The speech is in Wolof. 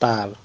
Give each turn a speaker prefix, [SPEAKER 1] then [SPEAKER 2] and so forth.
[SPEAKER 1] taal